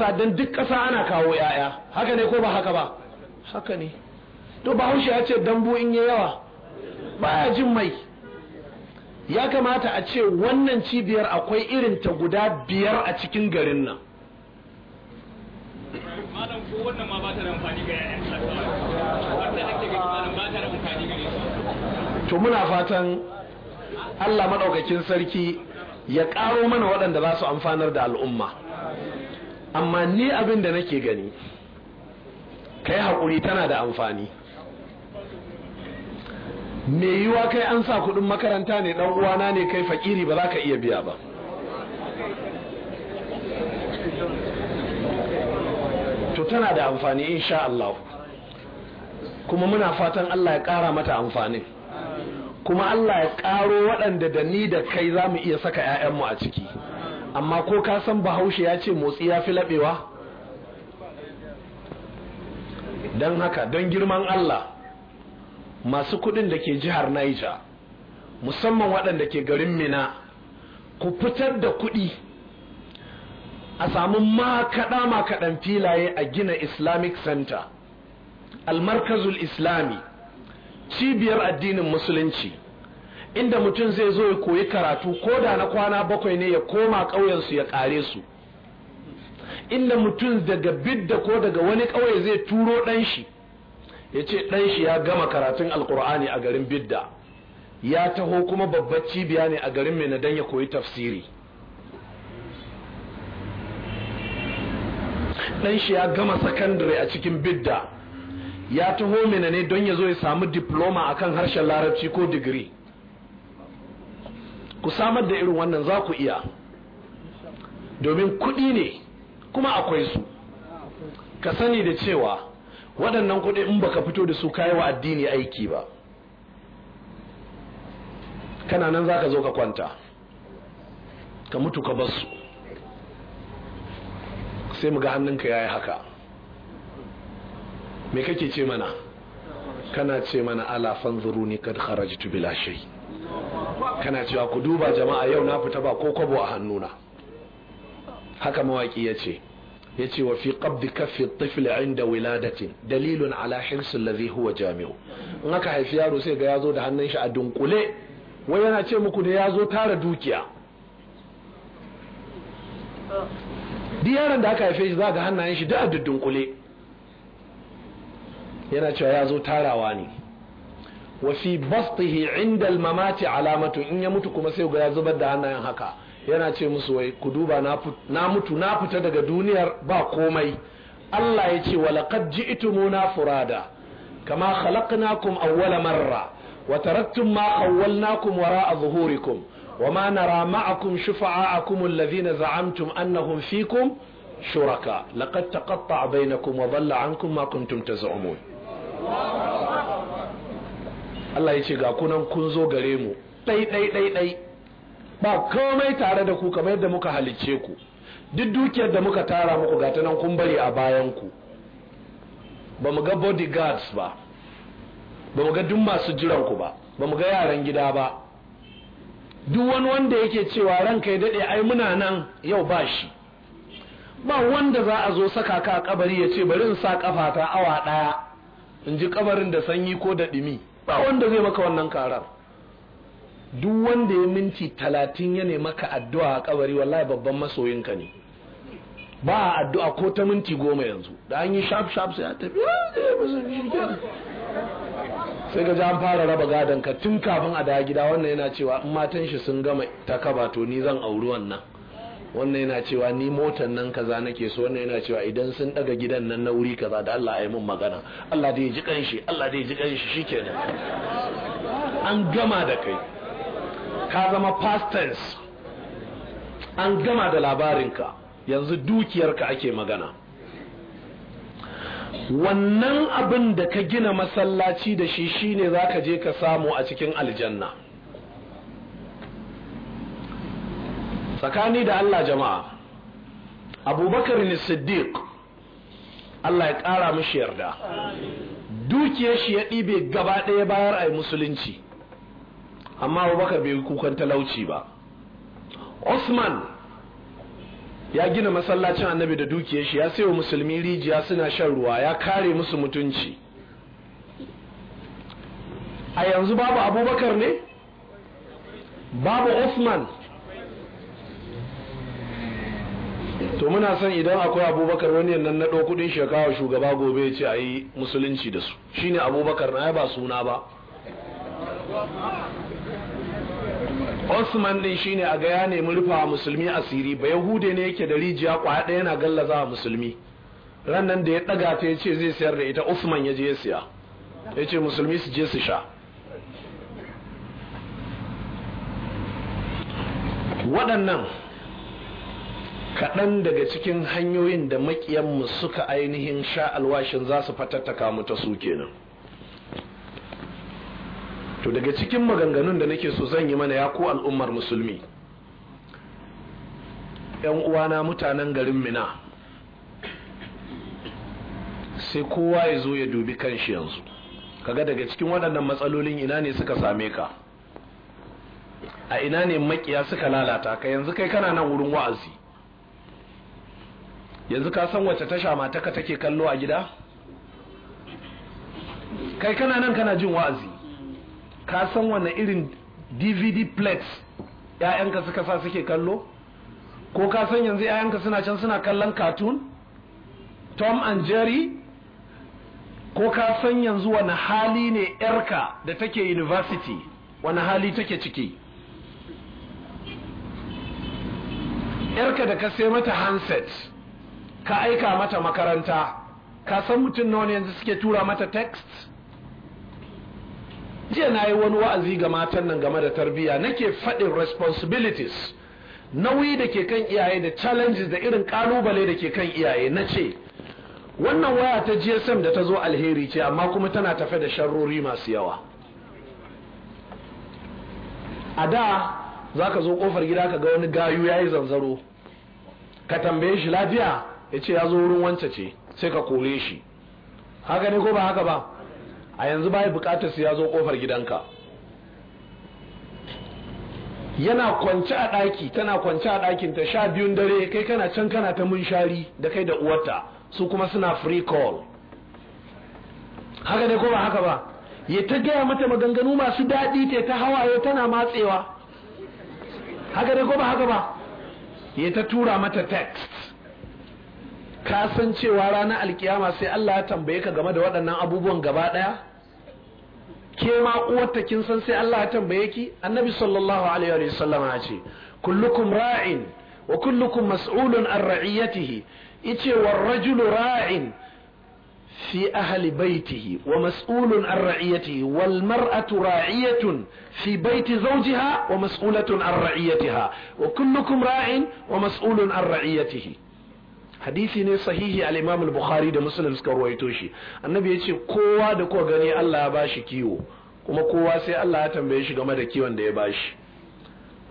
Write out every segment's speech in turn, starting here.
ƙasa don duk ƙasa ana kawo ‘ya'ya haka ne ko ba haka ba haka ne to bahaushe ya ce dambu in ya yawa baya jin mai ya kamata a ce wannan cibiyar akwai irin ta guda biyar a cikin garin nan to muna fatan Allah maɗaukakin sarki ya ƙaro mana waɗanda za su amfanar da al'umma amma ni abin da nake gani kai haƙuri tana da amfani me yiwa kai an sa kuɗin makaranta ne ɗan uwana ne kai fakiri ba za ka iya biya ba to tana da amfani insha Allah kuma muna fatan Allah ya ƙara mata amfani kuma Allah ya ƙaro waɗanda da ni da kai za mu iya saka 'ya'yanmu a ciki amma ko ka san bahaushe ya ce motsi ya fi laɓewa don haka don girman allah masu kudin da ke jihar niger musamman waɗanda ke garin mina ku fitar da kuɗi a samu makaɗa makaɗan filaye a gina islamic center almarkazul islami cibiyar addinin musulunci inda mutum zai zo ya koyi karatu ko da na kwana bakwai ne ya koma ƙauyensu ya ƙare su inda mutum daga bidda ko daga wani ƙauye zai turo ɗan shi ya ce ɗan shi ya gama karatun alkur'ani a garin bidda ya taho kuma babbar cibiya ne a garin mai don ya koyi tafsiri ɗan shi ya gama sakandare a cikin bidda ya taho mina ne don ya zo ya samu diploma akan harshen larabci ko digiri ku samar da irin wannan za ku iya domin kuɗi ne kuma akwai su ka sani da cewa waɗannan kuɗi in baka fito da su kayi wa addini aiki ba kana nan za ka zo ka kwanta ka mutu ka basu sai muga ga hannunka ya yi haka me kake ce mana kana ce mana ala fanzuru ne kad kharajtu bila shay' kana cewa ku duba jama'a yau na fita ba ko kwabo a hannuna haka mawaki ya ce ya ce wa fi qabdi kafi tafila inda wiladatin dalilun ala hirsi lazi huwa jami'u in aka haifi yaro sai ga yazo da hannun shi a dunkule wai yana ce muku da yazo tara dukiya duk yaron da aka haife shi za ga hannayen shi da a dunkule yana cewa yazo tarawa ne wa fi bastihi inda almamati alamatu in ya mutu kuma sai ga ya zubar da hannayen haka yana ce musu wai ku duba na mutu na fita daga duniyar ba komai Allah ya ce walaqad ji'tumuna furada kama khalaqnakum awwala marra wa taraktum ma khawwalnakum wara'a zuhurikum وما نرى معكم شفعاءكم الذين زعمتم أنهم فيكم شركاء لقد تقطع بينكم وضل عنكم ما كنتم تزعمون Allah ya ce ga kunan kun zo gare mu ɗai ɗai ɗai ɗai ba komai tare da ku kamar yadda muka halicce ku duk dukiyar da muka tara muku ga ta nan kun bari a bayan ku ba mu ga bodyguards ba ba mu ga duk masu jiran ku ba ba mu ga yaran gida ba duk wani wanda yake cewa ranka ya daɗe ai muna nan yau ba shi ba wanda za a zo saka ka a kabari ya ce bari in sa kafa ta awa ɗaya in ji kabarin da sanyi ko da ɗumi ba wanda zai maka wannan karar duk wanda ya minti talatin ya maka addu'a a kabari wallahi babban masoyinka ne ba a addu'a ko ta minti goma yanzu da an yi shaf shaf sai a tafi ah, sai ga an fara raba gadon ka tun kafin a dawo gida wannan yana cewa in matan shi sun gama ta kaba to ni zan auri wannan wannan yana cewa ni motan nan kaza nake so wannan yana cewa idan sun daga gidan nan na wuri kaza da Allah ya yi mun magana Allah da ya ji kanshi Allah da ya ji kanshi shikenan an gama da kai ka zama past an gama da labarinka yanzu dukiyarka ake magana wannan abin da ka gina masallaci da shi shine zaka je ka samu a cikin aljanna tsakani da Allah jama'a abubakar ne siddiq Allah ya ƙara mishi yarda dukiyar shi ya ɗibe gaba ɗaya bayar a musulunci amma abubakar bai kukan talauci ba Osman ya gina masallacin annabi da dukiyar shi ya sayo musulmi rijiya suna shan ruwa ya kare musu mutunci a yanzu babu abubakar ne babu Osman to muna son idan akwai abubakar wani nan na ɗau kuɗin shekawa shugaba gobe ce a yi musulunci da su shine abubakar na ya ba suna ba Osman din shine a ne ne rufe a musulmi asiri ba Yahude ne yake da rijiya kwaya ɗaya yana gallaza musulmi ran nan da ya ɗaga ta ya ce zai sayar da ita Usman ya je ya siya ya ce musulmi su je su sha waɗannan kaɗan daga cikin hanyoyin da maƙiyanmu suka ainihin sha alwashin za su fatattaka mu ta su kenan to daga cikin maganganun da nake so zan yi mana ya ko al'ummar musulmi yan uwana mutanen garin mina sai kowa ya zo ya dubi kanshi yanzu kaga daga cikin waɗannan matsalolin ina ne suka same ka a ina ne makiya suka lalata ka yanzu kai kana nan wurin wa'azi yanzu ka san wace tasha mataka take kallo a gida kai kana nan kana jin wa'azi ka san wanne irin dvd plex ‘ya'yanka suka sa suke kallo ko ka san yanzu ‘ya'yanka suna can suna kallon cartoon tom and jerry ko ka san yanzu wani hali ne ‘yarka da take university wani hali take ciki ‘yarka da ka sai mata handset ka aika mata makaranta ka san mutum nawa ne yanzu suke tura mata text jiya na yi wani wa'azi ga matan nan game da tarbiyya nake faɗin responsibilities nauyi da ke kan iyaye da challenges da irin kalubale da ke kan iyaye na ce wannan waya ta gsm da ta zo alheri ce amma kuma tana tafe da sharrori masu yawa a da za ka zo kofar gida ka ga wani gayu ya yi zanzaro ka tambaye shi lafiya ya ce ya zo wurin wance ce sai ka kore shi haka ne ko ba haka ba a yanzu ba bukatar su ya zo kofar gidanka yana kwance a ɗaki tana kwance a ɗakin ta sha biyun dare kai kana can kana ta shari da kai da uwarta su kuma suna free call haka ne ko ba haka ba ya ta gaya mata maganganu masu daɗi ta ta hawaye tana matsewa haka ne ko ba haka ba ya ta tura mata text ka san cewa ranar alkiyama sai Allah ya tambaye ka game da waɗannan abubuwan gaba ɗaya ke ma uwarta kin san sai Allah ya tambaye ki annabi sallallahu alaihi wa sallam ya ce kullukum ra'in wa kullukum mas'ulun an ra'iyatihi yace war rajulu ra'in fi ahli baitihi wa mas'ulun an ra'iyatihi wal mar'atu ra'iyatun fi baiti zawjiha wa بيت an ra'iyatiha wa kullukum ra'in wa mas'ulun an ra'iyatihi hadisi ne sahihi al-imam al-bukhari da muslim suka ruwaito shi annabi ya ce kowa da kowa gani Allah ya bashi kiwo kuma kowa sai Allah ya tambaye shi game da kiwon da ya bashi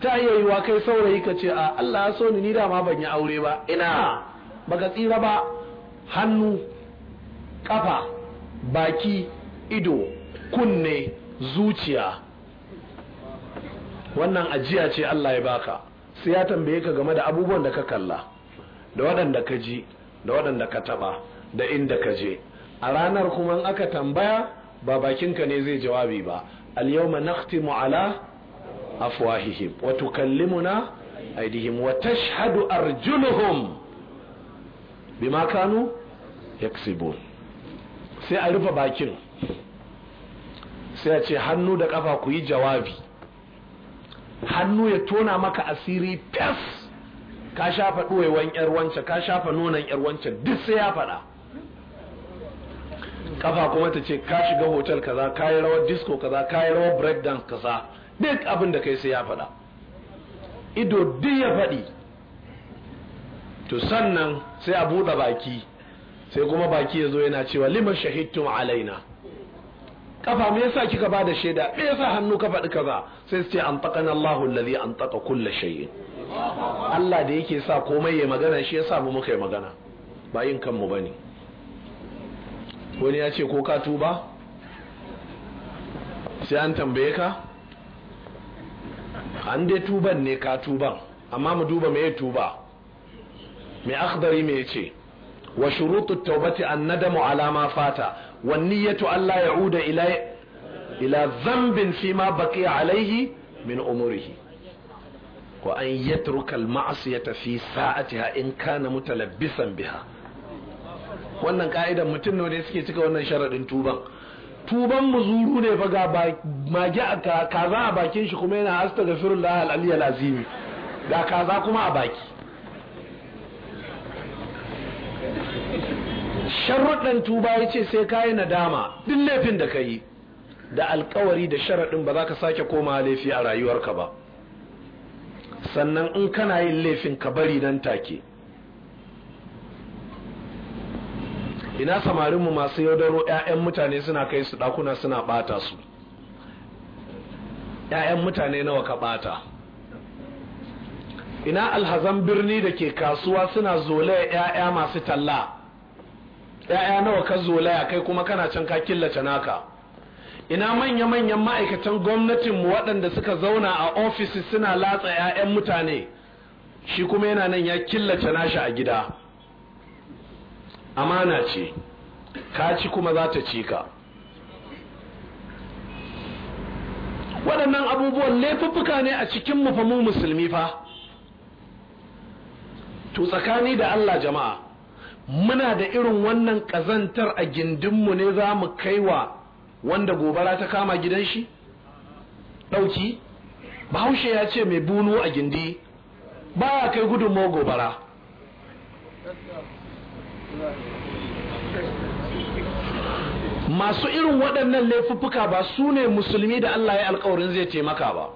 ta iya yiwa kai saurayi ka ce a Allah ya so ni ni dama ban yi aure ba ina baka tsira ba hannu kafa baki ido kunne zuciya wannan ajiya ce Allah ya baka sai ya tambaye ka game da abubuwan da ka kalla da waɗanda ka ji da waɗanda ka taɓa da inda ka je a ranar kuma in aka tambaya ba bakinka ne zai jawabi ba al-yawma nakhtimu ala afwahihim wa tukallimuna aydihim wa tashhadu arjuluhum bima kanu yaksibun sai a rufe bakin sai a ce hannu da kafa ku yi jawabi hannu ya tona maka asiri fes ka shafa ɗuwaiwan ƴar wancan ka shafa nonon ƴar wancan duk sai ya faɗa kafa kuma ta ce ka shiga hotel kaza ka yi rawar disco kaza ka yi rawar break kaza duk abin da kai sai ya faɗa ido duk ya faɗi to sannan sai a buɗe baki sai kuma baki ya zo yana cewa liman shahidtum alaina Ƙafa me yasa kika ba da shaida me yasa hannu ka faɗi kaza sai su ce an na Allahu allazi an taƙa kulle shay'in Allah da yake sa komai ya magana shi ya sa mu muka yi magana ba yin kanmu ba ne wani ya ce ko ka tuba sai an tambaye ka an dai tuban ne ka tuban amma mu duba mai tuba mai akhdari mai ce wa shurutu taubati an nadamu alama fata wa niyyatu Allah ya'uda ila ila dhanbin fi ma baqiya alaihi min umurihi wa an yatruka ya tafi fi sa'atiha in kana mutalabbisan biha wannan ka'idan mutum ne da suke cika wannan sharaɗin tuban tuban muzuru ne fa ga magi a kaza a bakin shi kuma yana astaghfirullah firin ali al-azim ga kaza kuma a baki sharaɗin tuba ya ce sai kayi nadama duk laifin da ka yi da alkawari da sharaɗin ba za ka sake koma laifi a rayuwarka ba sannan in kana yin laifin ka bari nan take ina samarinmu masu yaudaro 'ya'yan mutane suna kai su ɗakuna suna ɓata su 'ya'yan mutane nawa ka ɓata ina alhazan birni da ke kasuwa suna zolaya 'ya'ya masu talla 'ya'ya nawa ka zolaya kai kuma kana can ka killace naka ina manya-manyan ma'aikatan gwamnatinmu waɗanda suka zauna a ofisi suna latsa 'ya'yan mutane shi kuma yana nan ya killace nashi a gida amana ce ka ci kuma za ta ci ka waɗannan abubuwan laifuffuka ne a cikin mu musulmi fa to tsakani da Allah jama'a muna da irin wannan ƙazantar a gindinmu ne za mu kaiwa wanda gobara ta kama gidan shi ɗauki bahaushe ya ce mai bunu a gindi Ba baya kai ma gobara masu irin waɗannan laifuffuka ba su ne musulmi da Allah ya alkawarin zai taimaka ba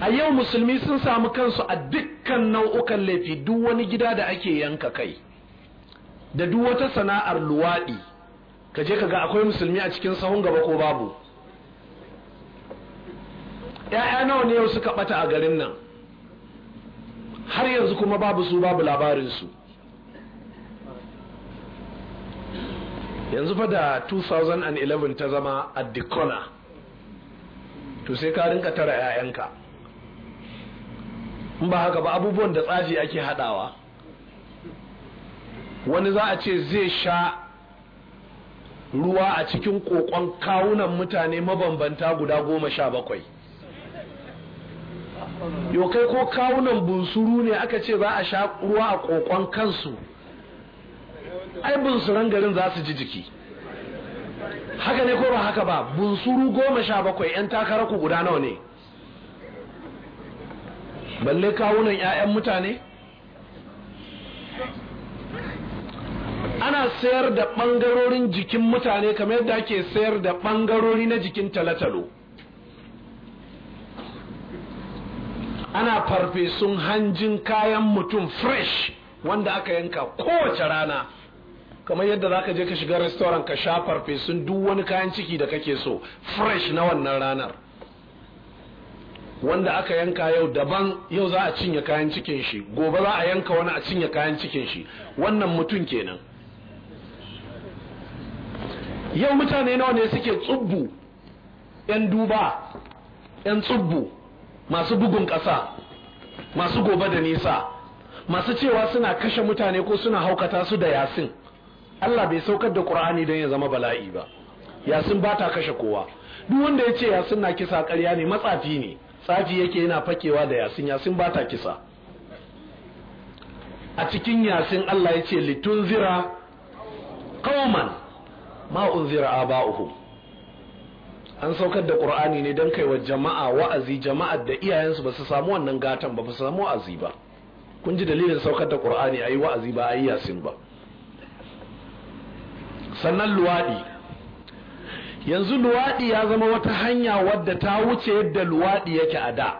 a yau musulmi sun samu kansu a dukkan nau'ukan laifi duk wani gida da ake yanka kai da duk wata sana'ar luwaɗi ka je ka ga akwai musulmi a cikin sahun gaba ko babu ‘ya'ya nawa ne yau suka ɓata a garin nan har yanzu kuma babu su babu labarin su. yanzu fa da 2011 ta zama a dikona to sai ka rinka tara ‘ya'yanka in ba haka ba abubuwan da tsaji ake haɗawa wani za a ce zai sha ruwa a cikin kokon kawunan mutane mabambanta guda goma sha bakwai yau kai ko kawunan bunsuru ne aka ce za a sha ruwa a kokon kansu ai bunsuran garin za su ji jiki haka ne ko ba haka ba bunsuru goma sha bakwai 'yan takararku ku guda nawa ne balle kawunan 'ya'yan mutane ana sayar da ɓangarorin jikin mutane kamar yadda ake sayar da ɓangarori na jikin talatalo ana farfesun hanjin kayan mutum fresh wanda aka yanka kowace rana kamar yadda za ka je ka shiga restoran ka sha farfesun duk wani kayan ciki da kake so fresh na wannan ranar wanda aka yanka yau daban yau za a cinye kayan cikin shi gobe za a yanka wani a cinye kayan cikin shi wannan mutum kenan yau mutane nawa ne suke tsubbu yan duba yan tsubbu masu bugun ƙasa masu gobe da nisa masu cewa suna kashe mutane ko suna haukata su da yasin Allah bai saukar da Qur'ani don ya zama bala'i ba yasin ba ta kashe kowa duk wanda ya ce yasin na kisa karya ne matsafi ne tsafi yake yana fakewa da yasin yasin ba ta kisa a cikin yasin Allah ya ce litunzira qauman ma ba aba'uhum an saukar da ƙur'ani ne don kai wa jama'a wa'azi jama'a da iyayensu ba su samu wannan gatan ba ba su samu wa'azi ba kun ji dalilin saukar da qur'ani ayi wa'azi ba ayi yasin ba sannan luwaɗi yanzu luwaɗi ya zama wata hanya wadda ta wuce yadda luwaɗi yake a da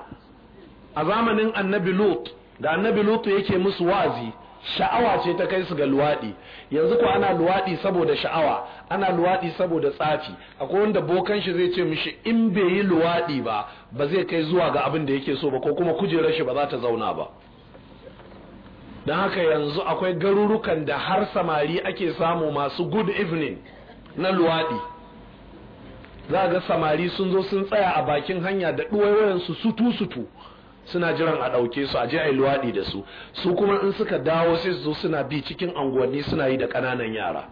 a zamanin annabi lut da annabi lut yake musu wa'azi sha'awa ce ta kai su ga luwaɗi yanzu ko ana luwaɗi saboda sha'awa ana luwaɗi saboda tsafi akwai wanda bokan shi zai ce mishi in bai yi luwaɗi ba ba zai kai zuwa ga abin da yake so ba ko kuma kujerar shi ba za ta zauna ba don haka yanzu akwai garurukan da har samari ake samu masu good evening na luwaɗi za ga samari sun zo sun tsaya a bakin hanya da su sutu-sutu suna jiran a ɗauke su a je luwaɗi da su su kuma in suka dawo sai su zo suna bi cikin anguwanni suna yi da ƙananan yara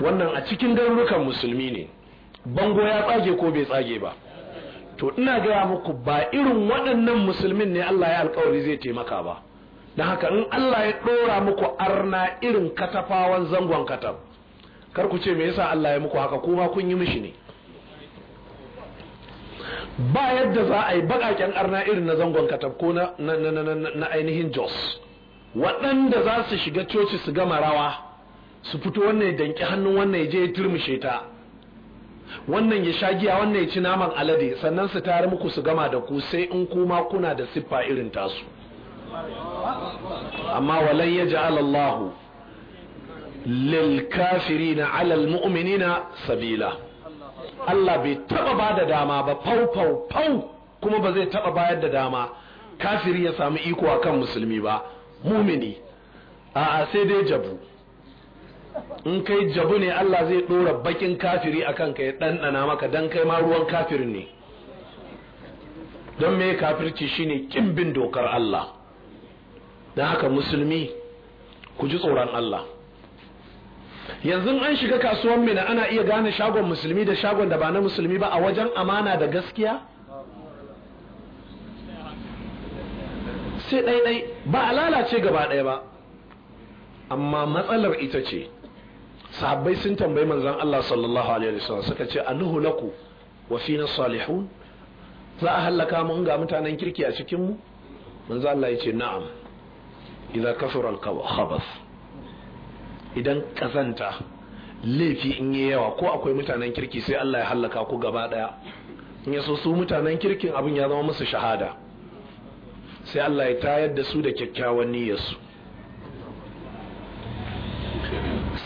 wannan a cikin garurukan musulmi ne bango ya tsage ko bai tsage ba to ina gaya muku ba irin waɗannan musulmin ne Allah ya alkawari zai taimaka ba don haka in Allah ya ɗora muku arna irin katafawan zangon katab kar ku ce me yasa Allah ya muku haka kuma kun yi mishi ne ba yadda za a yi baƙaƙen arna irin na zangon katafko na ainihin jos waɗanda za su shiga coci su gama rawa su fito wannan ya danki hannun wannan ya je ya turmushe ta wannan ya shagiya wannan ya ci naman alade sannan su tare muku su gama da ku sai in kuma kuna da siffa irin tasu amma walan ya ja'alallahu lil kafirina alal mu'minina sabila Allah bai taba ba da dama ba fau fau fau kuma ba zai taba bayar da dama kafiri ya samu iko akan musulmi ba mumini a'a sai dai jabu in kai jabu ne Allah zai dora bakin kafiri akan ka ya ɗanɗana maka don kai ma ruwan kafirin ne don me kafirci shine kin bin dokar Allah don haka musulmi ku ji tsoron Allah yanzu an shiga kasuwan mina ana iya gane shagon musulmi da shagon da ba na musulmi ba a wajen amana da gaskiya sai ɗaiɗai ba a lalace gaba ɗaya ba amma matsalar ita ce sahabbai sun tambayi manzan Allah sallallahu alaihi wasallam suka ce anuhu laku wa na salihun za a hallaka mu ga mutanen kirki a cikin mu manzan Allah ya ce na'am idza kafara al-khabath idan kazanta laifi in yi yawa ko akwai mutanen kirki sai Allah ya hallaka ku gaba daya in ya so su mutanen kirkin abin ya zama musu shahada sai Allah ya tayar da su da kyakkyawan niyyarsu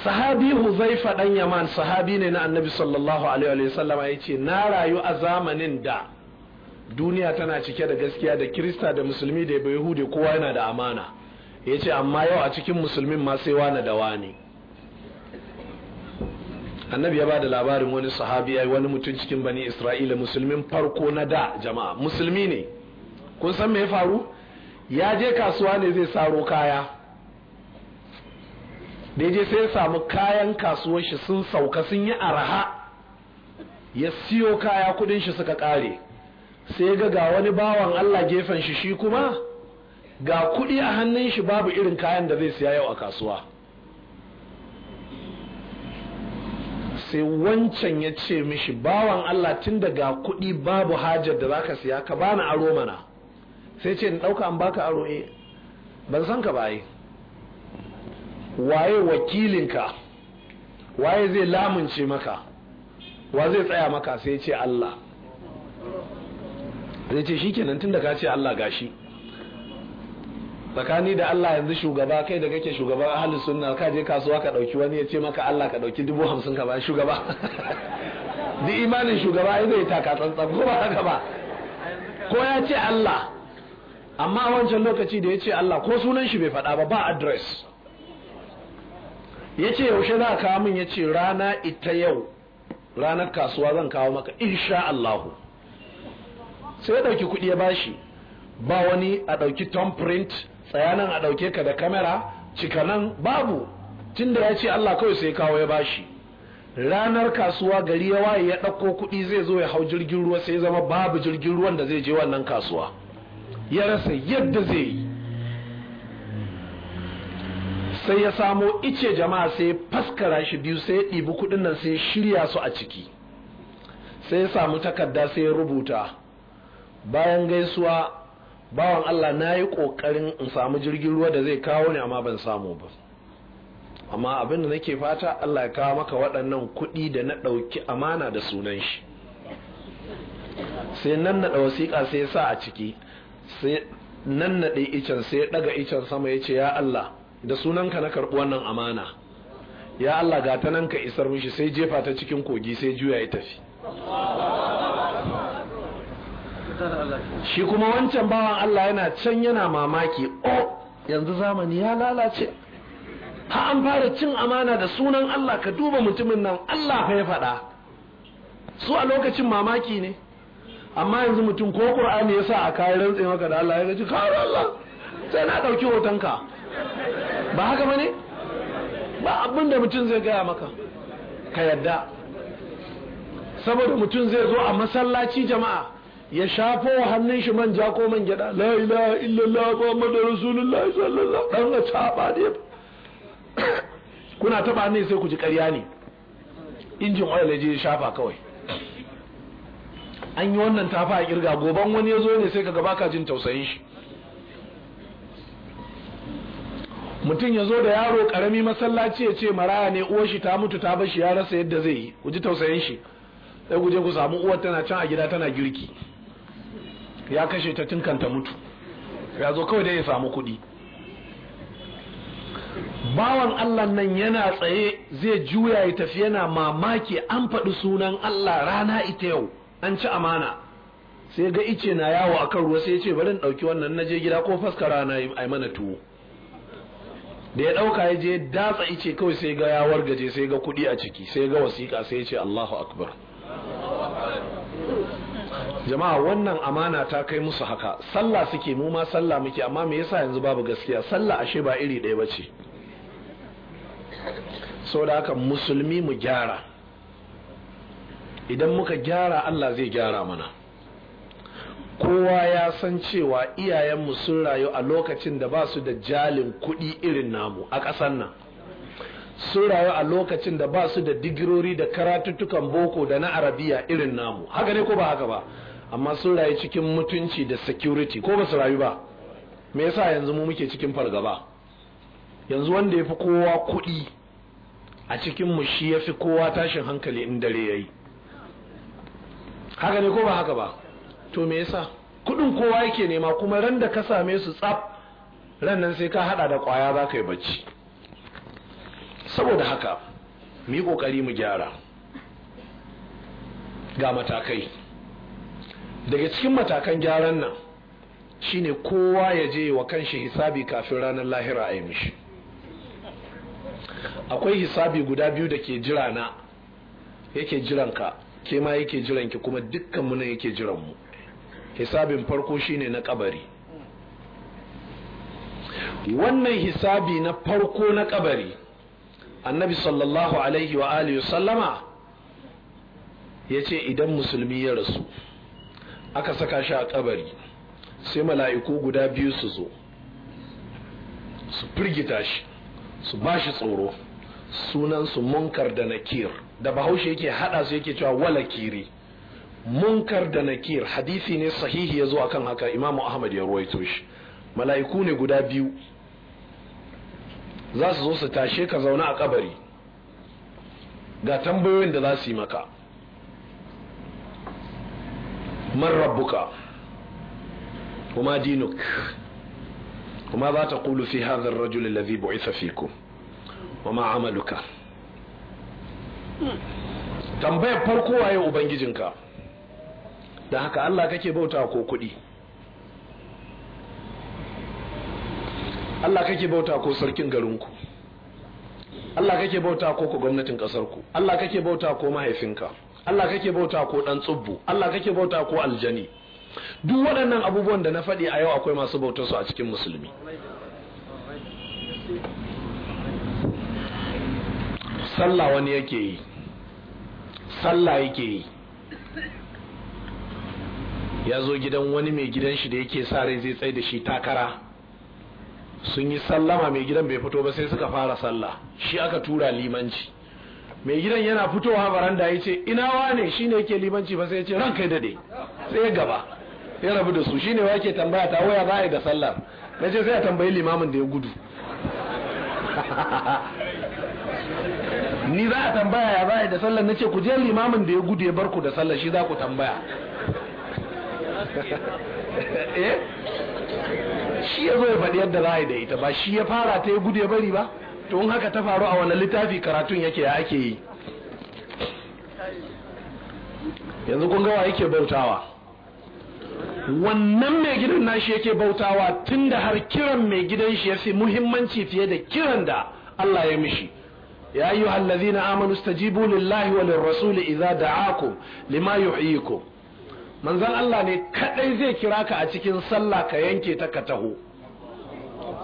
sahabi huzaifa dan yaman sahabi ne na annabi sallallahu alaihi wasallam ya ce na rayu a zamanin da duniya tana cike da gaskiya da kirista da musulmi da yahudi kowa yana da amana ya ce amma yau a cikin musulmin ma sai wane da wane annabi ya ba da labarin wani sahabi ya wani mutum cikin bani isra'ila musulmin farko na da jama'a musulmi ne kun san me ya faru ya je kasuwa ne zai saro kaya da je sai ya samu kayan kasuwar shi sun sauka sun yi araha ya siyo kaya kudin shi suka kare sai ga ga wani bawan allah gefen shi shi kuma ga kuɗi a hannun shi babu irin kayan da zai siya yau a kasuwa sai wancan ya ce mishi bawan Allah tun da ga kuɗi babu hajar da zaka siya ka bani aro mana sai ce in ɗauka an baka aro eh ban san ka baye waye wakilinka waye zai lamunce maka wa zai tsaya maka sai ce Allah zai ce shikenan tun da ka ce Allah gashi tsakani da Allah yanzu shugaba kai da kake shugaban ahlus sunna ka je kasuwa ka dauki wani ya ce maka Allah ka dauki dubu hamsin ka ba shugaba duk imanin shugaba ai zai taka tsantsan ko ba haka ba ko ya ce Allah amma a wancan lokaci da ya ce Allah ko sunan shi bai faɗa ba ba address ya ce yaushe za a kawo min ya ce rana ita yau ranar kasuwa zan kawo maka insha Allahu sai ya ɗauki kuɗi ya bashi ba wani a ɗauki thumbprint tsayanan a ɗauke ka da kamera nan babu tunda ya ce Allah kawai sai kawo ya bashi ranar kasuwa gari ya waye ya ɗauko kuɗi zai zo ya hau jirgin ruwa sai zama babu jirgin ruwan da zai je wannan kasuwa ya rasa yadda zai yi sai ya samo ice jama'a sai faskara shi biyu sai ya ɗibi kuɗin nan sai shirya su a ciki sai ya samu takarda sai ya rubuta bayan gaisuwa bawan Allah na yi ƙoƙarin in samu jirgin ruwa da zai kawo ni amma ban samu ba amma abin da nake fata Allah ya kawo maka waɗannan kuɗi da na ɗauki amana da sunan shi sai nan na wasiƙa sai sa a ciki sai nan na ɗai icen sai ya ɗaga icen sama ya ce ya Allah da sunanka na karɓi wannan amana ya Allah ga ta nan ka isar mishi sai jefa ta cikin kogi sai juya ya tafi shi kuma wancan bawan Allah yana can yana mamaki oh yanzu zamani ya lalace ha an fara cin amana da sunan Allah ka duba mutumin nan Allah ya faɗa su a lokacin mamaki ne amma yanzu mutum ko ƙur'ani ya sa a kayan rantsi maka da Allah ya gaji kawo Allah sai na ɗauki hotonka ba haka ba ne ba abin da mutum zai gaya maka ka yadda saboda mutum zai zo a masallaci jama'a ya shafo hannun shi man ja ko man gyada la ilaha illallah muhammadu rasulullahi sallallahu dan ga taba ne kuna taba ne sai ku ji ƙarya ne injin oil ya je ya shafa kawai an yi wannan tafa a kirga goban wani ya zo ne sai ka gaba ka jin tausayin shi mutum ya zo da yaro karami masallaci ya ce maraya ne uwar shi ta mutu ta bashi ya rasa yadda zai yi ku ji tausayin shi sai ku je ku samu uwar tana can a gida tana girki ya kashe ta tunkanta mutu ya zo kawai dai ya samu kuɗi bawan Allah nan yana tsaye zai juya ya tafi yana mamaki an faɗi sunan Allah rana ita yau an ci amana sai ga ice na yawo akan ruwa sai ya ce bari in ɗauki wannan na je gida ko faska rana a mana tuwo da ya ɗauka ya je datsa ice kawai sai ga yawar gaje sai ga kuɗi a ciki sai ga wasiƙa sai ya ce Allahu akbar jama'a wannan amana ta kai musu haka sallah suke mu ma sallah muke amma me yasa yanzu babu gaskiya sallah ashe ba iri ɗaya bace saboda haka musulmi mu gyara idan muka gyara Allah zai gyara mana kowa ya san cewa iyayenmu sun rayu a lokacin da ba su da jalin kuɗi irin namu a ƙasar nan sun rayu a lokacin da ba su da digirori da karatuttukan boko da na arabiya irin namu haka ne ko ba haka ba amma sun rayu cikin mutunci da security ko ba su rayu ba me yasa yanzu mu muke cikin fargaba yanzu wanda ya fi kowa kuɗi a cikin mu shi ya fi kowa tashin hankali in dare ya yi haka ne ko ba haka ba to me yasa kuɗin kowa yake nema kuma ran da ka same su tsaf ran nan sai ka haɗa da kwaya za ka yi bacci saboda haka mu yi ƙoƙari mu gyara ga matakai daga cikin matakan gyaran nan shine kowa ya je wa kanshi hisabi kafin ranar lahira a yi mishi akwai hisabi guda biyu da ke jira na yake jiranka ke ma yake jiranki kuma dukkan muna yake mu hisabin farko shine na kabari wannan hisabi na farko na kabari annabi sallallahu alaihi wa alihi sallama ya ce idan musulmi ya rasu aka saka shi a kabari sai mala'iku guda biyu su zo su firgita shi su ba shi tsoro sunansu munkar da nakir da bahaushe yake hada su yake cewa wala kiri munkar da nakir hadisi ne sahihi ya zo akan haka imamu ahmad ya ruwaito shi mala'iku ne guda biyu za su zo su tashe ka zauna a kabari ga tambayoyin da za su yi maka من ربك وما دينك وماذا تقول في هذا الرجل الذي بعث فيكم وما عملك tambayar farko waye ubangijinka da haka Allah kake bauta ko kuɗi Allah kake bauta ko sarkin garinku Allah kake bauta ko ku gwamnatin ku Allah kake bauta ko mahaifinka Allah kake bauta ko dan tsubbu Allah kake bauta ko aljani duk waɗannan abubuwan da na faɗi a yau akwai masu bautar su a cikin musulmi sallah wani yake yi sallah yake yi ya zo gidan wani mai gidan shi da yake sa rai zai tsaye da shi takara sun yi sallama mai gidan bai fito ba sai suka fara sallah shi aka tura limanci mai gidan yana fitowa baranda ya ce ina wane shine yake limanci ba sai ya ce ran kai dade sai ya gaba ya rabu da su shine wake tambaya ta waya za a yi da sallar na ce sai a tambayi limamin da ya gudu ni za a tambaya ya za a yi da sallar na ce ku je limamin da ya gudu ya bar ku da sallar shi za ku tambaya eh shi ya zo ya faɗi yadda za a yi da ita ba shi ya fara ta ya gudu ya bari ba to in haka ta faru a wani littafi karatun yake ya ake yi yanzu kun gawa yake bautawa wannan mai gidan nashi yake bautawa tunda har kiran mai gidan shi ya fi muhimmanci fiye da kiran da Allah ya mishi ya yi hallazina ta jibu lillahi wa iza da da'akum lima yuhyikum Manzan Allah ne kadai zai kira ka a cikin sallah ka yanke ta ka taho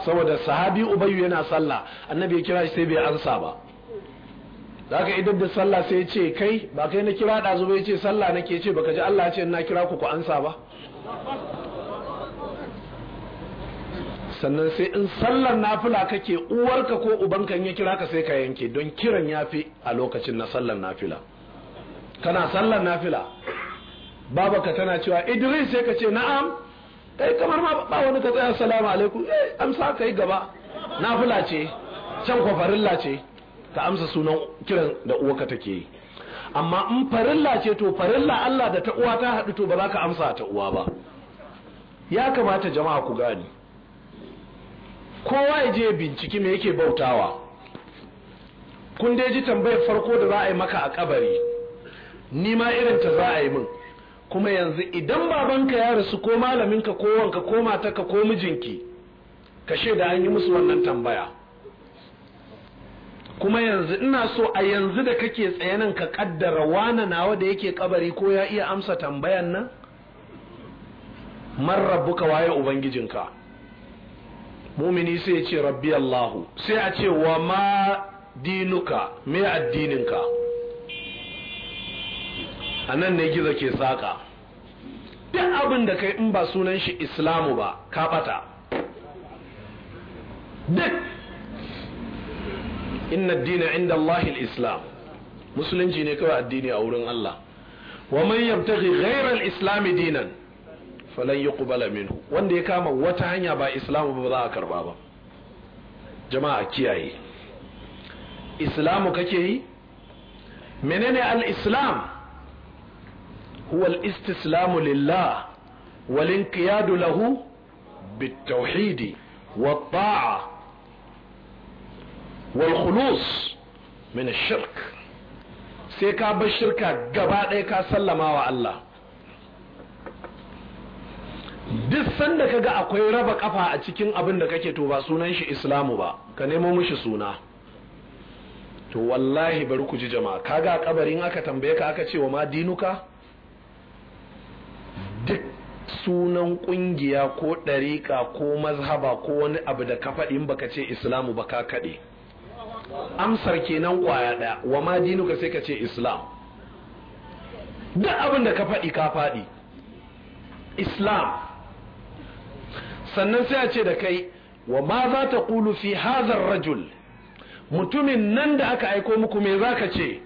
saboda sahabi ubayyu yana sallah annabi ya kira shi sai bai ansa ba zaka idan da sallah sai ya ce kai ba kai na kira da zuba ya ce sallah nake ce baka ji Allah ya ce na kira ku ku ansa ba sannan sai in sallar nafila kake uwarka ko ubanka ya kira ka sai ka yanke don kiran yafi a lokacin na sallar nafila kana sallar nafila babaka tana cewa idris sai ka ce na'am kai eh, kamar ma ba wani ka tsaya salamu alaikum eh amsa kai gaba nafila ce can kwa farilla ce ka amsa sunan kiran da uwa take yi amma in farilla ce to farilla Allah da ta uwa ta haɗu to ba za ka amsa ta uwa ba ya kamata jama'a ku gani kowa ya je binciki me yake bautawa kun dai ji tambayar farko da za a yi maka a kabari ni ma irin ta za a yi min kuma yanzu idan babanka ya rasu ko malaminka ko wanka ko matarka ko mijinki ka da an yi musu wannan tambaya kuma yanzu ina so a yanzu da kake nan ka kaddara wana nawa da yake kabari ko ya iya amsa tambayan nan man rabbuka waye ubangijinka mumini sai ya ce rabbi allahu sai a ce wa ma dinuka me addininka a nan ne gizo ke saƙa duk abin da kai in ba sunan shi islamu ba ka ɓata duk inna dina inda Allahil islam musulunci ne kawai addini a wurin Allah wa man yabtaghi ghayra al-islam dinan falan yuqbala minhu wanda ya kama wata hanya ba islamu ba za a karba ba jama'a kiyaye islamu kake yi menene al-islam هو الاستسلام لله lillah له بالتوحيد والطاعة والخلوص من الشرك sai ka bar shirka gabaɗaya ka sallama Allah duk sanda ka ga akwai raba kafa a cikin abin da kake to ba sunan shi islamu ba ka nemo mishi suna to wallahi bari ku ji jama'a kaga kabarin aka tambaye ka aka ce wa ma dinuka sunan kungiya ko ɗariƙa ko mazhaba ko wani abu da ka faɗi in baka ce islamu ba ka kaɗe amsar kenan kwaya ɗaya wa ma dinuka sai ka ce islam duk abin da ka faɗi ka faɗi islam sannan sai a ce da kai wa ma za ta kulu fi hazar rajul mutumin nan da aka aiko muku me za ka ce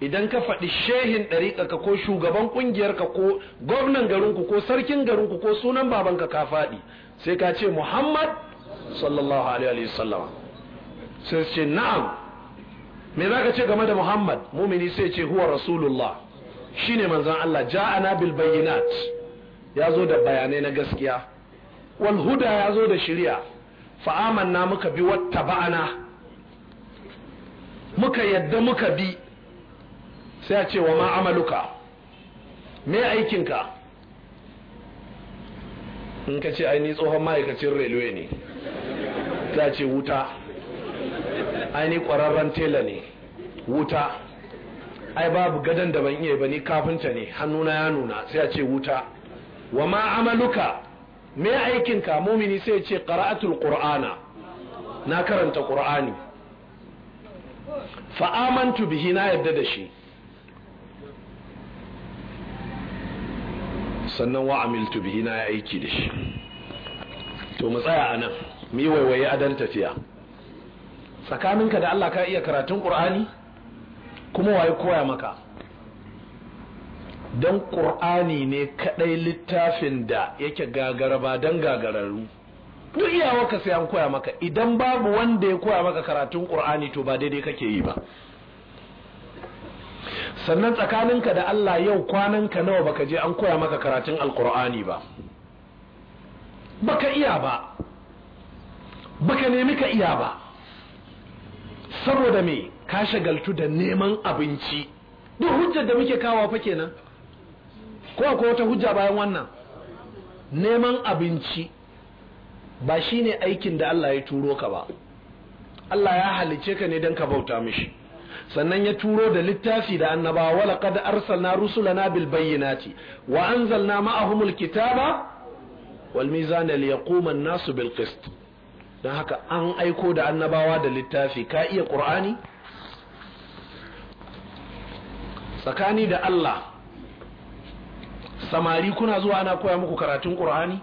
idan ka faɗi shehin ɗariƙarka ko shugaban ƙungiyarka ko gwamnan garinku ko sarkin garinku ko sunan babanka ka faɗi sai ka ce muhammad sallallahu alaihi sallam. sai ce na'am me za ka ce game da muhammad mumini sai ce huwa rasulullah shine manzan allah ja'ana bil bayyinat ya zo da bayanai na gaskiya wal huda ya zo da shirya fa'amanna muka bi wata ba'ana muka yadda muka bi sai a ce wa ma amaluka me aikinka in ka ce aini tsohon ma'aikacin railway ne ta ce wuta aini ƙwararren tela ne wuta ai babu gadon da ban iya ba ni kafinta ne hannuna ya nuna sai a ce wuta wa ma amaluka me aikinka mumini sai ce ƙara'atul ƙura'ana na karanta ƙura'ani fa bihi na yadda da shi sannan wa amiltu bihi na aiki da shi to mu tsaya anan mu yi waiwaye dan tafiya tsakaninka da Allah ka iya karatun Qur'ani kuma waye koya maka Dan ƙur'ani ne kaɗai littafin da yake gagaraba dan gagararru duk iyawarka sai an koya maka idan babu wanda ya koya maka karatun ƙur'ani to ba daidai kake yi ba sannan tsakaninka da Allah yau kwananka nawa baka je an koya maka karatun alkur'ani ba baka iya ba baka nemi ka iya ba saboda me ka shagaltu da neman abinci duk hujjar da muke kawo fa kenan ko akwai wata hujja bayan wannan neman abinci ba shine aikin da Allah ya turo ka ba Allah ya halice ka ne don ka bauta mishi sannan ya turo da littafi da annabawa wala qad arsalna rusulana bil bayyinati wa anzalna ma'ahumul kitaba wal mizana liyaquma an-nasu bil qist dan haka an aiko da annabawa da littafi ka iya qur'ani tsakani da Allah samari kuna zuwa ana koya muku karatun qur'ani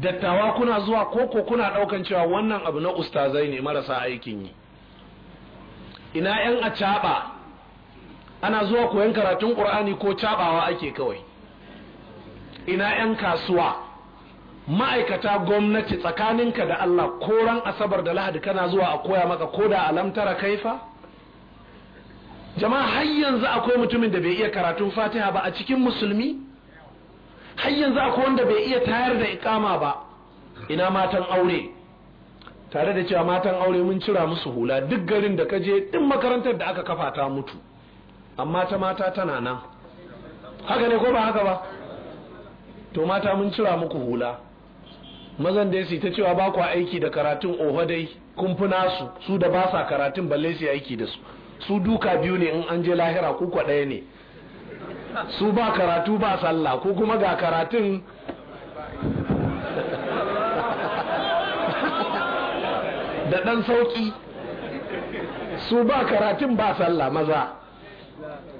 dattawa kuna zuwa koko kuna daukan cewa wannan abu na ustazai ne marasa aikin yi ina yan a caɓa ana zuwa koyon karatun ƙur'ani ko caɓawa ake kawai ina yan kasuwa ma'aikata gwamnati tsakaninka da Allah koran asabar da lahadi kana zuwa a koya maka ko da alamtara kaifa jama'a har yanzu akwai mutumin da bai iya karatun fatiha ba a cikin musulmi har yanzu akwai wanda bai iya tayar da ikama ba ina matan aure tare da cewa matan aure mun cira musu hula duk garin da ka je din makarantar da aka kafa ta mutu amma ta mata tana nan haka ne ko ba haka ba to mata mun cira muku hula mazan da su ta cewa ba ku aiki da karatun oho dai kun su su da ba sa karatun balle su aiki da su su duka biyu ne in an je lahira ku kwa ɗaya ne su ba karatu ba sallah ko kuma ga karatun da ɗan sauƙi su ba karatun ba sallah maza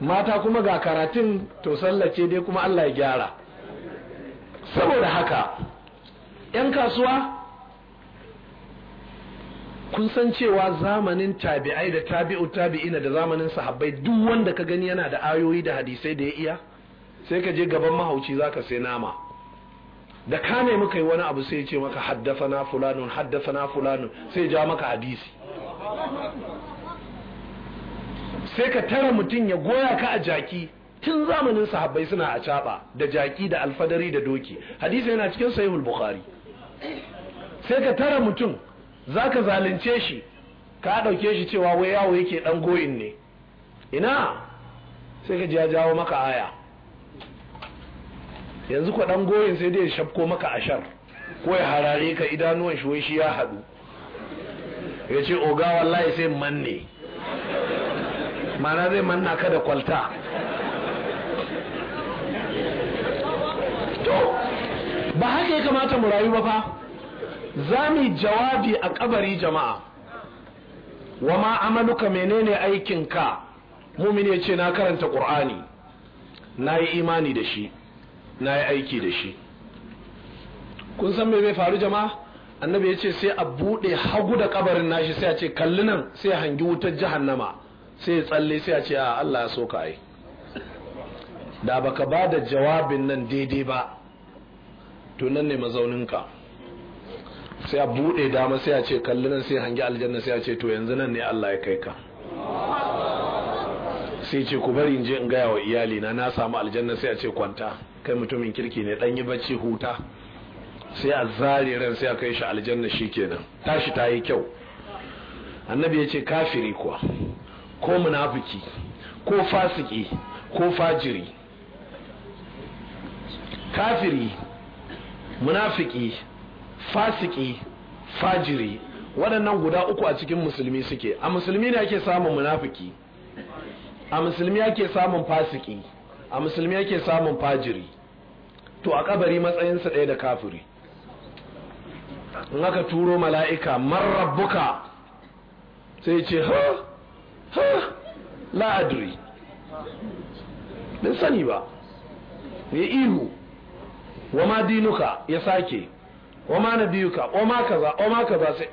mata kuma ga karatun to sallah ce dai kuma Allah ya gyara saboda haka 'yan kasuwa kun san cewa zamanin tabi'ai da tabi'u tabi'ina da zamanin sahabbai duk wanda ka gani yana da ayoyi da hadisai da ya iya sai ka je gaban mahauci za ka sai nama da ka nemi kai wani abu sai ya ce maka haddasana fulanun haddasana fulanun sai ja maka hadisi sai ka tara mutum ya goya ka a jaki tun zamanin sahabbai suna a caba da jaki da alfadari da doki hadisi yana cikin sahihul bukhari sai ka tara mutum zaka zalunce shi ka dauke shi cewa wai yawo yake dan goyin ne ina sai ka ji jawo maka aya yanzu kwaɗan goyin sai dai ya shafko maka ashar ko ya harare ka idanuwan shi shi ya haɗu ya ce oga wallahi sai manne mana zai manna ka da kwalta to ba haka ya kamata mu rayu ba fa za mu jawabi a kabari jama'a wa ma amaluka menene aikinka mumin ya ce na karanta ƙur'ani na yi imani da shi na yi aiki da shi kun san me zai faru jama'a annabi ya ce sai a buɗe hagu da kabarin nashi sai a ce kalli nan sai hangi wutar jahannama sai ya tsalle sai a ce a Allah ya so ka yi da baka ba da jawabin nan daidai ba to nan ne mazauninka sai a buɗe dama sai a ce kalli nan sai hangi aljanna sai a ce to yanzu nan ne Allah ya kai ka sai ce ku bari in je in gaya wa iyali na na samu aljanna sai a ce kwanta kai mutumin kirki ne dan yi bacci huta sai a zare ran sai a kai shi aljanna shi kenan tashi ta yi kyau annabi ya ce kafiri kuwa ko munafiki ko fasiki ko fajiri kafiri munafiki fasiki fajiri waɗannan guda uku a cikin musulmi suke a musulmi ne ake samun munafiki a musulmi ake samun fasiki a musulmi ake samun fajiri to a kabari matsayinsa ɗaya da kafiri in aka turo mala'ika marabbuka sai ce ha ha la'adri bin sani ba ya ihu wa ma dinuka ya sake wa ma nabiyuka wa ma kaza wa ma kaza sai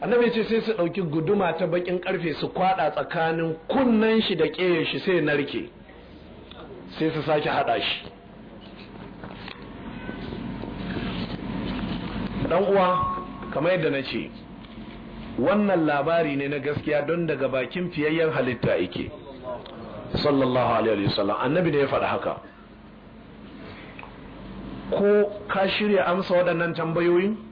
annabi ce sai su ɗauki guduma ta bakin ƙarfe su kwaɗa tsakanin kunnen shi da ƙeyar shi sai narke sai su sake haɗa shi dan uwa kamar yadda na ce wannan labari ne na gaskiya don daga bakin fiyayyen halitta yake sallallahu alaihi wasallam annabi ne ya faɗi haka ko ka shirya amsa waɗannan tambayoyin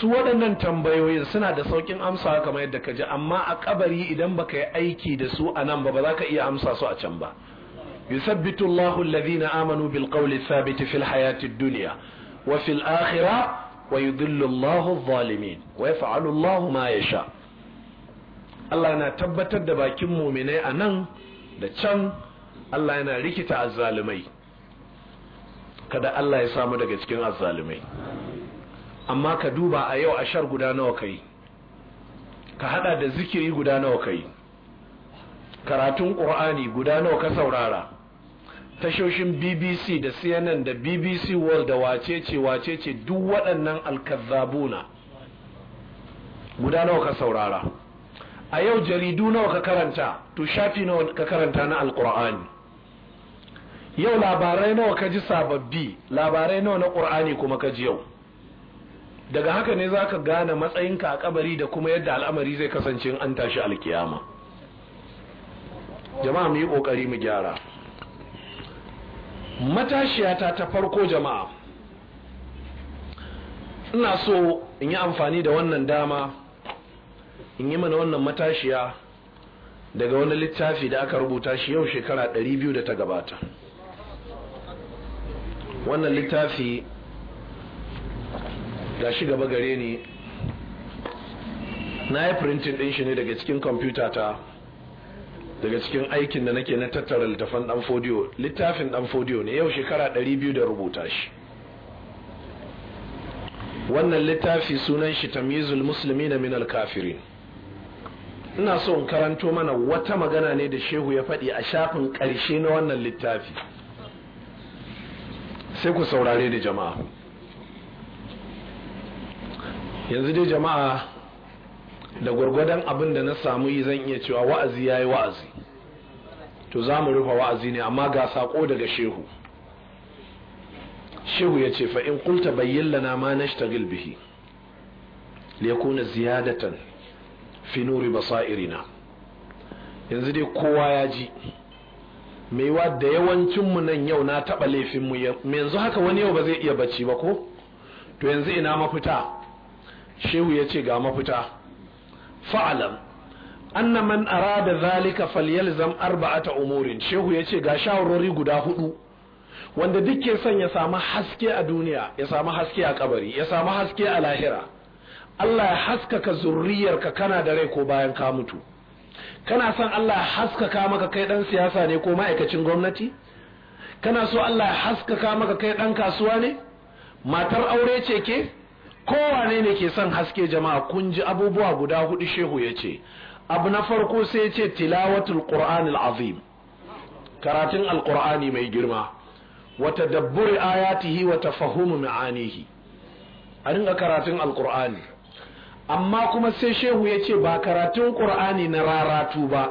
su waɗannan tambayoyin suna da saukin amsa kamar yadda ka ji amma a kabari idan baka yi aiki da su a nan ba ba za ka iya amsa su a can ba yusabbitu Allahu alladhina amanu bil qawli thabiti fil hayatid dunya wa fil akhira wa yudhillu Allahu adh-dhalimin wa yaf'alu Allahu ma yasha Allah yana tabbatar da bakin muminai a nan da can Allah yana rikita azzalumai kada Allah ya samu daga cikin azzalumai amma ka duba a yau ashar guda nawa kai ka hada da zikiri guda nawa kai karatun qur'ani guda nawa ka saurara tashoshin BBC da CNN da BBC World da wacece wacece duk waɗannan alkazzabuna guda nawa ka saurara a yau jaridu nawa ka karanta to shafi nawa ka karanta na alqur'ani yau labarai nawa ka ji sababbi labarai nawa na qur'ani kuma ka ji yau daga haka ne za ka gane matsayinka a kabari da kuma yadda al'amari zai kasance an tashi alkiyama jama'a mu yi kokari mu gyara matashiyata ta farko jama'a ina so in yi amfani da wannan dama in yi mana wannan matashiya daga wani littafi da aka rubuta shi yau shekara 200 da ta gabata wannan littafi ga shi gaba gare ni na yi printin ɗin shi ne daga cikin kwamfuta ta daga cikin aikin da nake na tattara littafin ɗan fodiyo littafin ɗan fodiyo ne yau shekara ɗari biyu da rubuta shi wannan littafi sunan shi Tamizul musulmi na minal kafiri ina so in karanto mana wata magana ne da shehu ya faɗi a shafin ƙarshe na wannan littafi sai ku saurare da jama'a yanzu dai jama'a da gwargwadon abin da na samu yi zan iya cewa wa'azi ya yi wa'azi to za mu rufe wa'azi ne amma ga sako daga shehu shehu ya ce fa'in kulta bayyin lana ma na shtagil bihi kuna ziyadatan fi nuri basairina yanzu dai kowa ya ji maiwa da yawancinmu nan yau na taɓa laifinmu yanzu haka wani yau ba zai iya bacci ba ko to yanzu ina mafita shehu ya ce ga mafita fa'alam anna man arada zalika arba'a arba'ata umurin shehu ya ce ga shawarwari guda hudu wanda duk ke son ya samu haske a duniya ya samu haske a kabari ya samu haske a lahira Allah ya haskaka zurriyarka kana da rai ko bayan ka mutu kana son Allah ya haskaka maka kai ɗan siyasa ne ko ma'aikacin gwamnati kana so Allah ya haskaka maka kai ɗan kasuwa ne matar aure ce ke kowane ne ke son haske jama'a kun ji abubuwa guda hudu shehu ya ce abu na farko sai ce tilawatul qur'anil azim karatun alqur'ani mai girma wa tadabburi ayatihi wa tafahumu ma'anihi a dinga karatun alqur'ani amma kuma sai shehu ya ce ba karatun qur'ani na raratu ba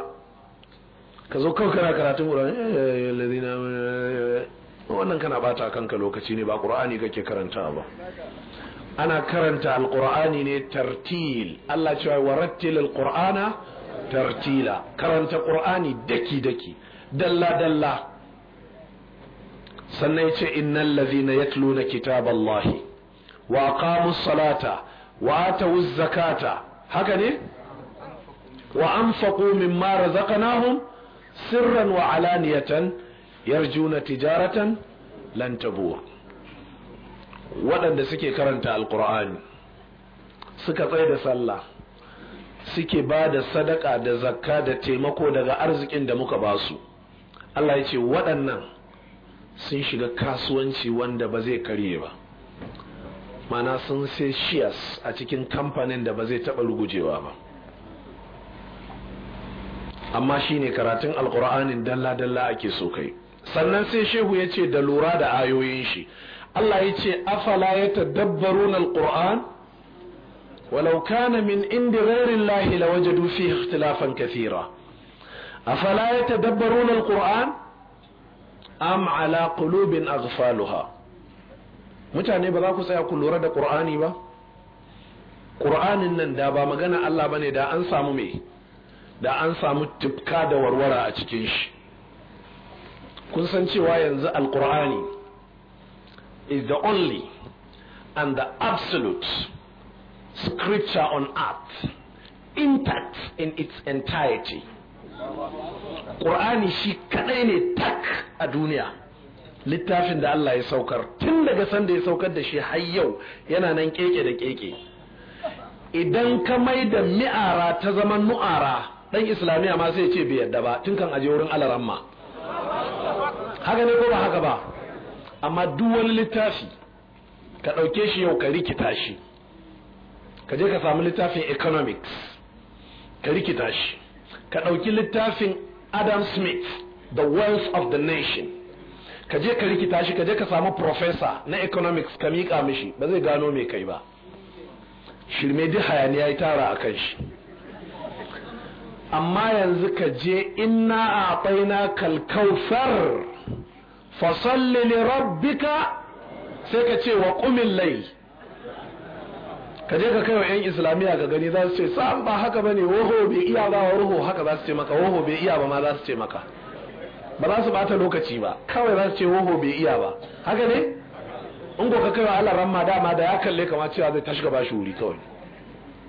ka zo kawai kana karatun qur'ani eh, wannan kana bata kanka lokaci ne ba qur'ani kake karanta ba أنا كرنت القرآن ترتيل الله شو ورتل القرآن ترتيلا كرنت القرآن دكي دكي دلا دلا سنيت إن الذين يتلون كتاب الله وأقاموا الصلاة وآتوا الزكاة هكذا وأنفقوا مما رزقناهم سرا وعلانية يرجون تجارة لن تبور waɗanda suke karanta alkur'ani suka tsaye da sallah suke ba da sadaka da zakka da taimako daga arzikin da muka ba su Allah ya ce waɗannan sun shiga kasuwanci wanda ba zai karye ba mana sun sai shares a cikin kamfanin da ba zai taɓa rugujewa ba amma shi ne karatun alkur'anin dalla-dalla ake so kai sannan sai shehu ya ce da lura da ayoyin shi Allah ya ce afala ya tadabbarun alquran walau kana min indi la waje fihi ikhtilafan kathira afala ya tadabbarun alquran am ala qulubin aghfaluha mutane ba za ku tsaya ku lura da ƙur'ani ba qur'anin nan da ba magana Allah bane da an samu me da an samu tufka da warwara a cikin shi kun san cewa yanzu alqur'ani is the only and the absolute scripture on earth intact in its entirety ƙur'ani shi kaɗai ne tak a duniya littafin da Allah ya saukar tun daga sanda ya saukar da shi har yau yana nan keke da keke idan ka mai da mi'ara ta zama nu'ara dan islamiyya ma sai ce bai yadda ba tun kan aje wurin alaramma haka ne ko ba haka ba amma duk wani littafi ka ɗauke shi yau ka rikita shi ka je ka samu littafin economics ka rikita shi ka ɗauki littafin adam smith the wealth of the nation ka je ka rikita shi ka je ka samu professor na economics ka miƙa mishi ba zai gano mai kai ba shirme duk hayaniya ya tara a kan shi amma yanzu ka je inna a na kalkausar fasalli li rabbika sai ka ce wa kumin lai. ka je ka kai wa yan islamiyya ka gani za su ce sa'an ba haka ba ne waho bai iya ba wa ruho haka za su ce maka waho bai iya ba ma za su ce maka ba za su bata lokaci ba kawai za su ce waho bai iya ba haka ne in ko ka wa Allah ramma dama da ya kalle kama cewa zai tashi gaba shi wuri kawai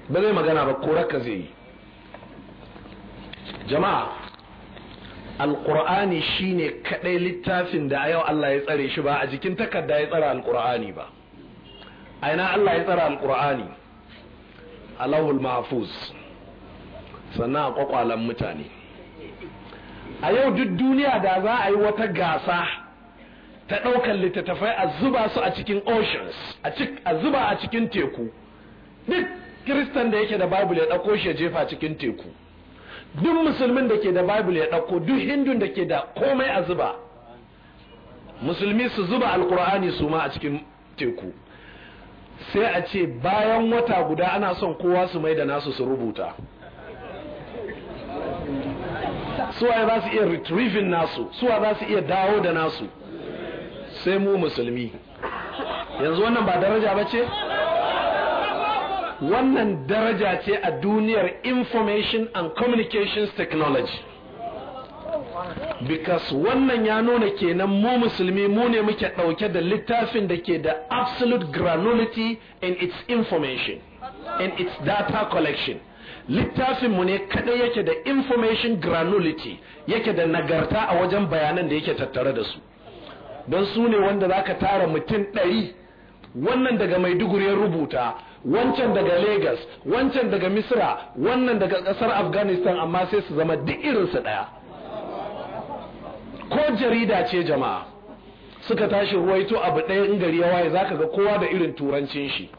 ba zai magana ba korar ka zai yi jama'a alqur'ani shine kaɗai littafin da a yau Allah ya tsare shi ba a jikin takarda ya tsara alqur'ani ba aina Allah ya tsara alqur'ani alawul mahfuz sannan a kwakwalan mutane a yau duk duniya da za a yi wata gasa ta ɗaukar littattafai a zuba su a cikin oceans a zuba a cikin teku duk kiristan da yake da bible ya ɗauko shi ya jefa cikin teku duk musulmin da ke da bible ya ɗauko duk hindun da ke da komai a zuba musulmi su zuba alkur'ani su ma a cikin teku sai a ce bayan wata guda ana son kowa su mai da nasu su rubuta suwa za su iya retrieving nasu suwa za su iya dawo da nasu sai mu musulmi yanzu wannan ba daraja ba ce? wannan daraja ce a duniyar information and communications technology because wannan ya nuna kenan mu musulmi mu ne muke ɗauke da littafin da ke da absolute granularity in its information in its data collection littafinmu ne kadai yake da information granularity yake da nagarta a wajen bayanan da yake tattare da su don su ne wanda za ka tara mutum ɗari wannan daga maiduguri ya rubuta wancan daga Lagos wancan daga Misra wannan daga kasar Afghanistan amma sai su zama duk irinsu daya ko jarida ce jama'a suka tashi ruwaito abu ɗaya in gari ya waye zaka ga kowa da irin turancin shi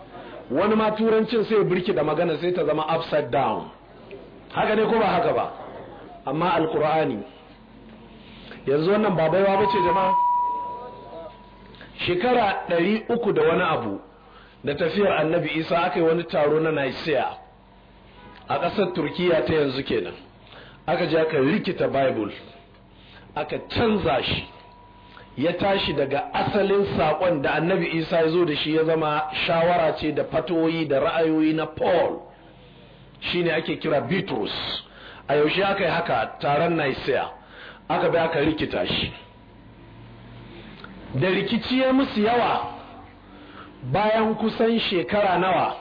wani ma turancin sai birki da magana sai ta zama upside down haka ne ko ba haka ba amma alkur'ani yanzu wannan ba baiwa bace jama'a shekara ɗari uku da wani abu da tafiyar annabi isa aka yi wani taro na nisiya a ƙasar turkiya ta yanzu kenan aka je aka rikita bible aka canza shi ya tashi daga asalin saƙon da annabi isa ya zo da shi ya zama shawara ce da fatoyi da ra'ayoyi na paul shine ake kira bitrus a yaushe aka yi haka taron nisiya aka bi aka rikita shi da rikici ya musu yawa bayan kusan shekara nawa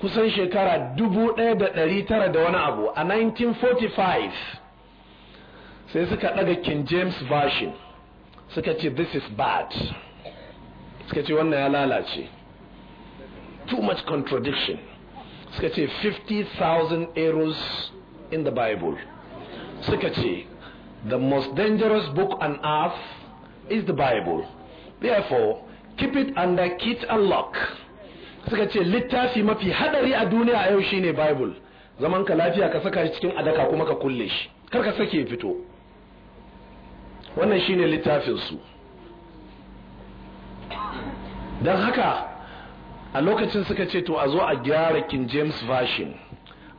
kusan shekara dubu ɗaya da ɗari tara da wani abu a 1945 sai suka ɗaga king james version suka ce this is bad suka ce wannan ya lalace too much contradiction suka ce 50,000 errors in the bible suka ce the most dangerous book on earth is the bible therefore keep it under kit and lock suka ce littafi mafi hadari a duniya a yau shine bible zaman ka lafiya ka saka shi cikin adaka kuma ka kulle shi kar ka sake fito wannan shine littafin su don haka a lokacin suka ce to a zo a gyara king james version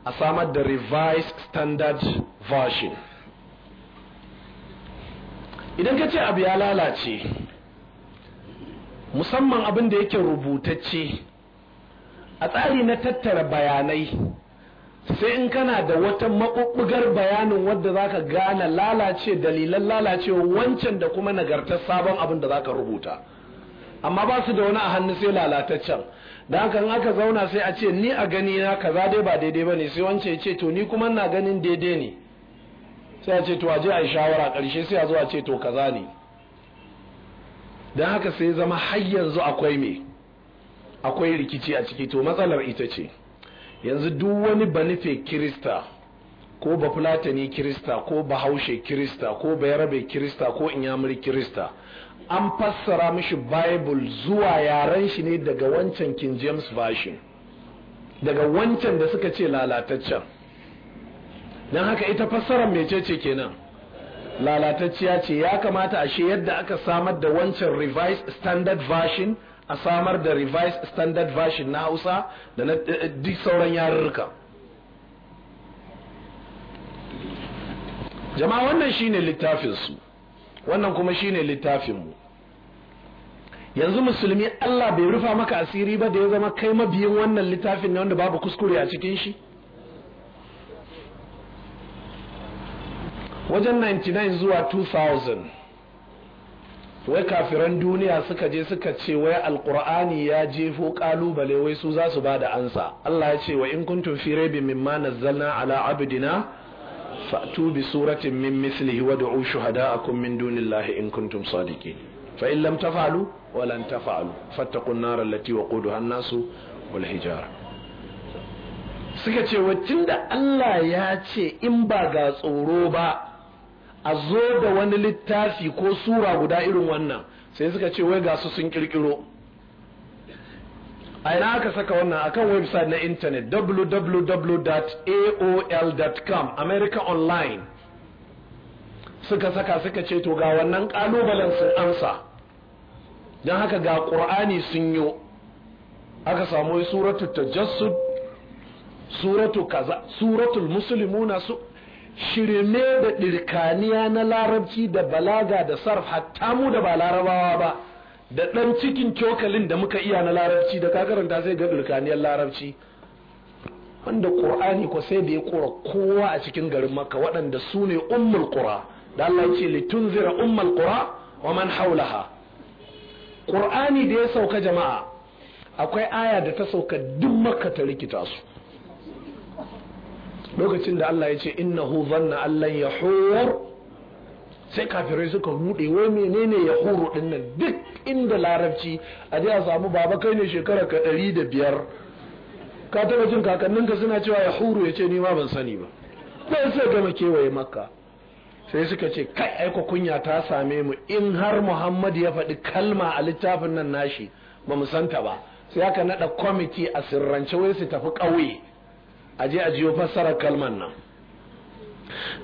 a samar da revised standard version idan ka ce abu ya lalace musamman abin da yake rubutacce a tsari na tattara bayanai sai in kana da wata maɓuɓɓugar bayanin wadda za ka gane lalace dalilan lalace wancan da kuma nagartar sabon abin da za ka rubuta amma ba su da wani a hannu sai lalataccen da haka in aka zauna sai a ce ni a gani na kaza dai ba daidai ba ne sai wancan ya ce to ni kuma na ganin daidai ne sai a ce to a je a yi shawara ƙarshe sai a zo a ce to kaza ne don haka sai zama har yanzu akwai me akwai rikici a ciki to matsalar ita ce yanzu duk wani Banife kirista ko bafulatani kirista ko bahaushe kirista ko bayarabe kirista ko inyamuri kirista an fassara mishi bible zuwa yaren shi ne daga wancan king james version daga wancan da suka ce lalataccen don haka ita fassara mecece kenan lalatacciya ce ya kamata a she yadda aka samar da wancan revised standard version a samar da revised standard version na hausa da na eh, eh, duk sauran yarurruka jama'a wannan shine littafinsu wannan kuma shine mu yanzu musulmi allah bai rufa maka asiri ba da ya zama kai mabiyin wannan littafin ne wanda babu kuskure a cikin shi wajen 99 zuwa 2000 wai kafiran duniya suka je suka ce wai alkur'ani ya jefo kalubale wai su za su ba da ansa Allah ya ce wa in kuntum fi raibin mimma nazzalna ala abdina fa'tu bi suratin min mislihi wad'u shuhada'akum min dunillahi in kuntum sadiqin fa in lam taf'alu wa lan taf'alu fattaqun nar allati waquduha an-nasu wal hijara suka ce wa tunda Allah ya ce in ba ga tsoro ba a zo da wani littafi ko sura guda irin wannan sai suka ce wai ga su sun kirkiro a ina aka saka wannan akan website na intanet www.aol.com america online suka saka suka ce to ga wannan kalubalen sun ansa don haka ga ƙur'ani sun yi aka samu suratu tajassud suratu kaza suratul muslimuna su shirme da ɗirkaniya na larabci da balaga da sarf hatta mu da ba larabawa ba da ɗan cikin cokalin da muka iya na larabci da kakaranta sai ga ɗirkaniyar larabci wanda ƙur'ani ko sai da ya ƙura kowa a cikin garin maka waɗanda su ne ummul ƙura da Allah ce litun zira ummul ƙura wa man haulaha ƙur'ani da ya sauka jama'a akwai aya da ta sauka duk maka ta rikita su lokacin da Allah ya ce innahu zanna allan yahur sai kafirai suka rude wai menene ya huru din nan duk inda larabci a je a samu baba kai ne shekara ka ɗari da biyar ka taɓa jin kakannin ka suna cewa ya huru ya ce ni ma ban sani ba sai suka gama kewaye makka sai suka ce kai aiko kunya ta same mu in har muhammad ya faɗi kalma a littafin nan nashi ba mu santa ba sai aka naɗa kwamiti a sirrance wai su tafi ƙauye a je a jiyo fassarar kalmar nan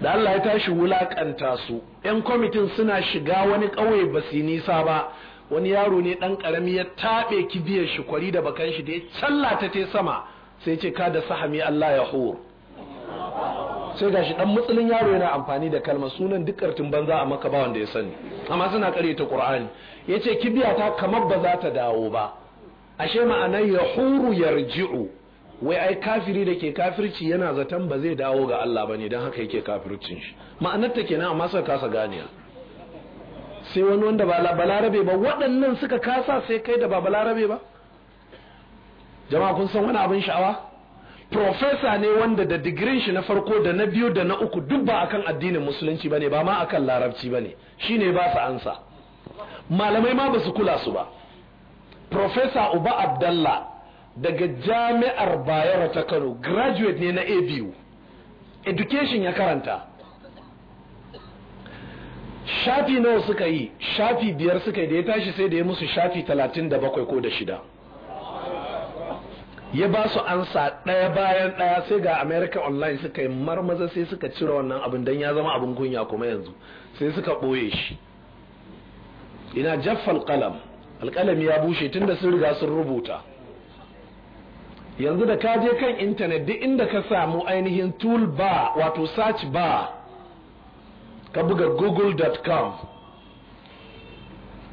da Allah ya tashi wulakanta su yan kwamitin suna shiga wani ƙauye ba su nisa ba wani yaro ne ɗan karami ya taɓe kibiyar shi kwari da bakan shi da ya callata te sama sai ce ka da sahami Allah ya hur sai gashi ɗan mutsulin yaro yana amfani da kalmar sunan dukkan banza a maka ba wanda ya sani amma suna ta Qur'ani yace kibiya ta kamar ba za ta dawo ba ashe ma'anar ya huru yarji'u wai ai kafiri da ke kafirci yana zaton ba zai dawo ga Allah ba ne don haka yake kafircin shi ma'anar ta kenan amma suka kasa ganiya sai wani wanda ba balarabe ba waɗannan suka kasa sai kai da ba balarabe ba jama'a kun san wani abin sha'awa profesa ne wanda da digirin shi na farko da na biyu da na uku duk ba akan addinin musulunci bane ba ma akan larabci ba bane shine ba su ansa malamai ma ba su kula su ba profesa uba abdallah daga jami'ar bayero ta kano graduate ne na abu education ya karanta shafi nawa suka yi shafi biyar suka yi da ya tashi sai da ya musu shafi talatin da bakwai ko da shida ya ba su ansa ɗaya bayan ɗaya sai ga america online suka yi marmaza sai suka cire wannan abin don ya zama abin kunya kuma yanzu sai suka boye shi ina jaffa alkalam Alkalam ya bushe tun da sun riga sun rubuta yanzu da ka je kan intanet duk inda ka samu ainihin tool bar wato search bar ka buga google.com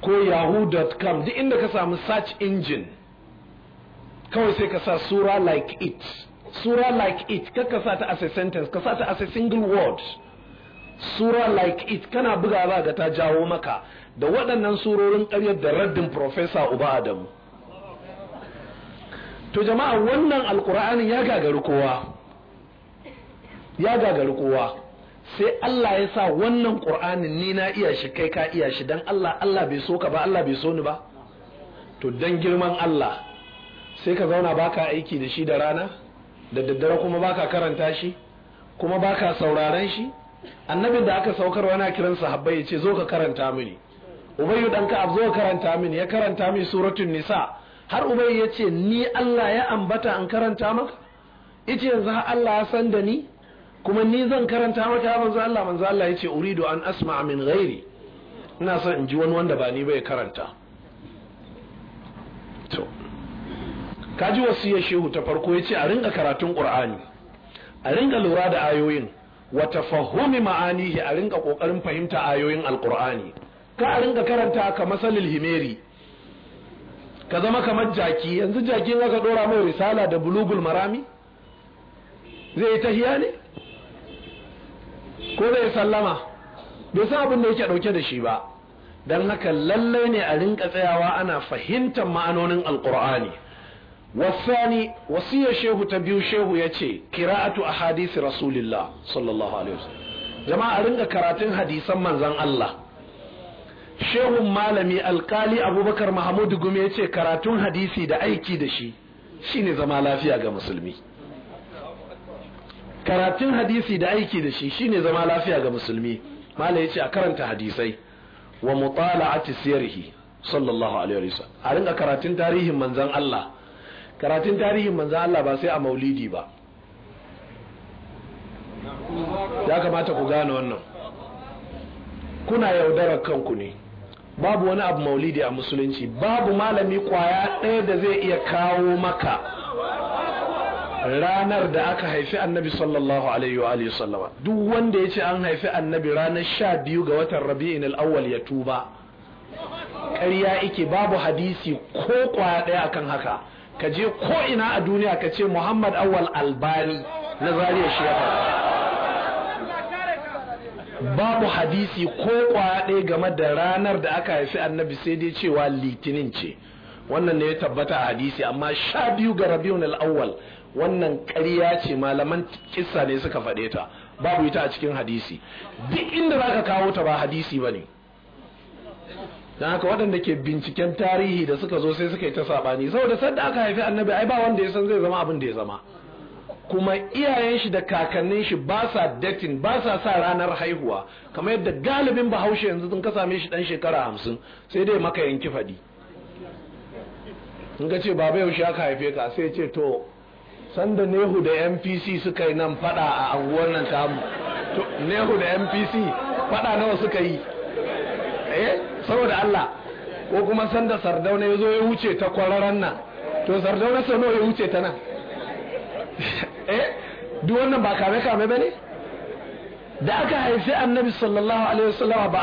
ko yahoo.com duk inda ka samu search engine kawai sai ka sa sura like it sura like it ka sa ta as a sentence ka sa ta as a single word sura like it kana buga za ga ta jawo maka da waɗannan surorin ƙaryar da raddin professor uba adamu to jama'a wannan alkur'ani ya gagari kowa ya gagari kowa sai Allah ya sa wannan ƙur'anin ni na iya shi kai ka iya shi dan Allah Allah bai so ka ba Allah bai so ni ba to dan girman Allah sai ka zauna baka aiki da shi da rana da daddare kuma baka karanta shi kuma baka sauraron shi annabin da aka saukar wani kiran sahabbai ya ce zo ka karanta mini ubayyu dan ka zo karanta mini ya karanta mini suratul nisa har ubai ya ce ni Allah ya ambata an karanta maka ita yanzu Allah ya san da ni kuma ni zan karanta maka ya manzo Allah manzo Allah ya ce uridu an asma min ghairi ina son in ji wani wanda ba ni bai karanta to kaji ya shehu ta farko ya ce a ringa karatun qur'ani a ringa lura da ayoyin wa tafahumi ma'anihi a ringa kokarin fahimta ayoyin alqur'ani ka a ringa karanta ka masalil himeri ka zama kamar jaki yanzu jaki za aka dora mai risala da bulugul marami zai yi tahiya ne ko zai sallama bai san abin da yake dauke da shi ba don haka lallai ne a rinka tsayawa ana fahimtar ma'anonin alkur'ani wasani wasiyar shehu ta biyu shehu ya ce kira'atu a hadisi rasulillah sallallahu alaihi wasallam jama'a rinka karatun hadisan manzan Allah shehun malami alkali abubakar mahamudu gume ya ce karatun hadisi da aiki da shi shine zama lafiya ga musulmi karatun hadisi da aiki da shi shine zama lafiya ga musulmi malai ya ce a karanta hadisai wa mutala'ati siyarhi sallallahu alaihi wasallam a wa karatun tarihin manzan Allah karatun tarihin manzan Allah ba sai a maulidi ba ya kamata ku gane wannan kuna yaudarar kanku ne babu wani abu maulidi a musulunci babu malami kwaya ɗaya da zai iya kawo maka ranar da aka haifi annabi sallallahu alaihi wa alihi sallama duk wanda ya ce an haifi annabi ranar sha biyu ga watan rabi'in al'awwal ya tuba ƙarya ike babu hadisi ko kwaya ɗaya akan haka ka je ko ina a duniya ka ce muhammad awwal albani na zariya shi babu hadisi ko kwaya ɗaya game da ranar da aka haifi annabi sai dai cewa litinin ce wannan ne ya tabbata a hadisi amma sha biyu ga rabiun al'awwal wannan ƙarya ce malaman kissa ne suka faɗe ta babu ita a cikin hadisi duk inda za ka kawo ta ba hadisi ba ne don haka waɗanda ke binciken tarihi da suka zo sai suka yi ta saɓani saboda sadda aka haifi annabi ai ba wanda ya san zai zama abin da ya zama kuma iyayen shi da kakannin shi ba sa datin ba sa sa ranar haihuwa kamar yadda galibin bahaushe yanzu sun kasa same shi dan shekara hamsin sai dai maka yanki faɗi in ka ce baba yaushe aka haife ka sai ce to sanda nehu da mpc suka yi nan fada a anguwar nan ta mu nehu da mpc fada nawa suka yi eh saboda allah ko kuma sanda sardauna ya zo ya wuce ta kwararan nan to sardauna sau ya wuce ta nan Eh? duk wannan ba kame kame ba ne da aka haifi annabi sallallahu alaihi wasallama ba